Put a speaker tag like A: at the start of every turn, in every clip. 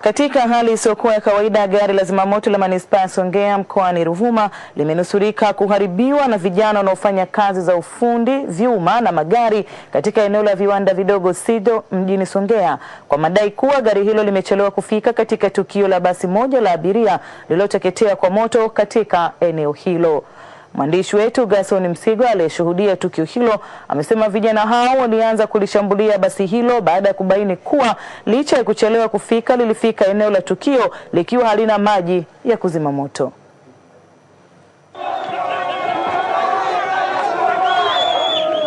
A: Katika hali isiyokuwa ya kawaida, gari la zimamoto la manispaa ya Songea mkoani Ruvuma limenusurika kuharibiwa na vijana wanaofanya kazi za ufundi vyuma na magari katika eneo la viwanda vidogo Sido mjini Songea kwa madai kuwa gari hilo limechelewa kufika katika tukio la basi moja la abiria lililoteketea kwa moto katika eneo hilo. Mwandishi wetu Gason Msigwa aliyeshuhudia tukio hilo amesema vijana hao walianza kulishambulia basi hilo baada ya kubaini kuwa licha ya kuchelewa kufika, lilifika eneo la tukio likiwa halina maji ya kuzima moto.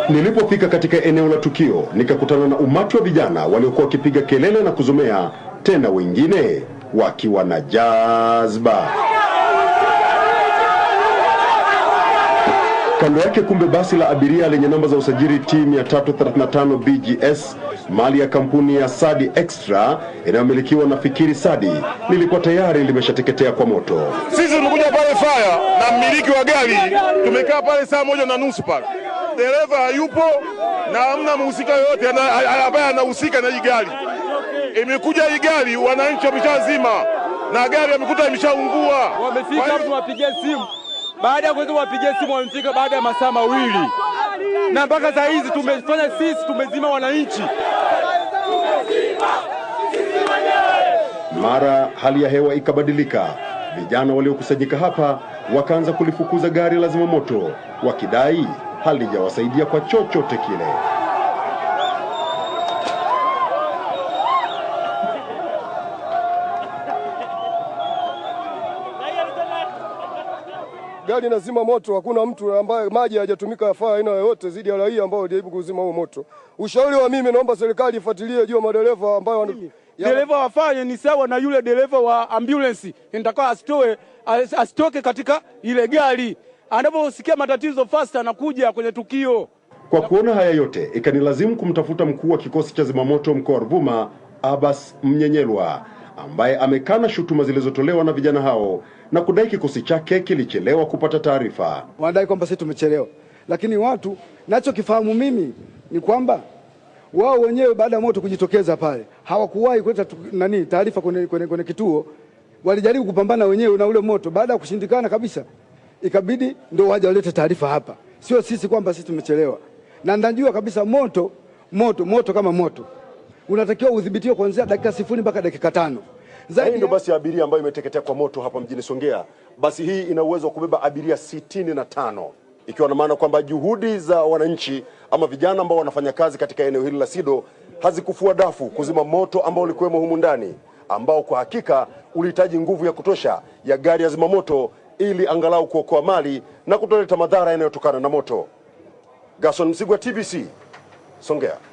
B: Nilipofika katika eneo la tukio nikakutana na umati wa vijana waliokuwa wakipiga kelele na kuzomea, tena wengine wakiwa na jazba. Kando yake kumbe basi la abiria lenye namba za usajili T 335 BGS, mali ya kampuni ya Sadi Extra inayomilikiwa na Fikiri Sadi lilikuwa tayari limeshateketea kwa moto.
C: Sisi tumekuja pale faya na mmiliki wa gari, tumekaa pale saa moja na nusu pale, dereva hayupo na hamna mhusika yoyote ambaye anahusika na hii gari. Imekuja hii gari, wananchi wameshazima na gari amekuta imeshaungua,
D: wamefika hapo, simu baada ya kuweza kuwapigia simu wamefika baada ya masaa mawili, na mpaka saa hizi tumefanya sisi tumezima wananchi.
B: Mara hali ya hewa ikabadilika, vijana waliokusanyika hapa wakaanza kulifukuza gari la zimamoto wakidai halijawasaidia kwa chochote kile.
E: gari inazima moto, hakuna mtu ambaye maji hayajatumika yafaa aina yoyote zidi ya raia ambao walijaribu kuzima huo moto. Ushauri wa mimi, naomba serikali ifuatilie juu ya madereva ambayo
F: dereva wafanye ni sawa na yule dereva wa ambulensi, nitakaa asitoe asitoke katika ile gari, anaposikia matatizo fast anakuja kwenye tukio.
B: Kwa kuona haya yote, ikanilazimu kumtafuta mkuu wa kikosi cha zimamoto mkoa wa Ruvuma, Abbas Mnyenyelwa ambaye amekana shutuma zilizotolewa na vijana hao na kudai kikosi chake kilichelewa kupata taarifa.
G: Wanadai kwamba sisi tumechelewa, lakini watu, nachokifahamu mimi ni kwamba wao wenyewe baada ya moto kujitokeza pale hawakuwahi kuleta nani taarifa kwenye, kwenye, kwenye kituo. Walijaribu kupambana wenyewe na ule moto, baada ya kushindikana kabisa ikabidi ndio waje walete taarifa hapa, sio sisi kwamba sisi tumechelewa. Na najua kabisa moto moto moto kama moto unatakiwa udhibitiwe kuanzia dakika sifuri mpaka dakika tano.
H: Hii ndio basi ya abiria ambayo imeteketea kwa moto hapa mjini Songea. Basi hii ina uwezo wa kubeba abiria sitini na tano ikiwa na maana kwamba juhudi za wananchi ama vijana ambao wanafanya kazi katika eneo hili la SIDO hazikufua dafu kuzima moto ambao ulikuwemo humu ndani, ambao kwa hakika ulihitaji nguvu ya kutosha ya gari ya zimamoto ili angalau kuokoa mali na kutoleta madhara yanayotokana na moto. Gason Msigwa, TBC, Songea.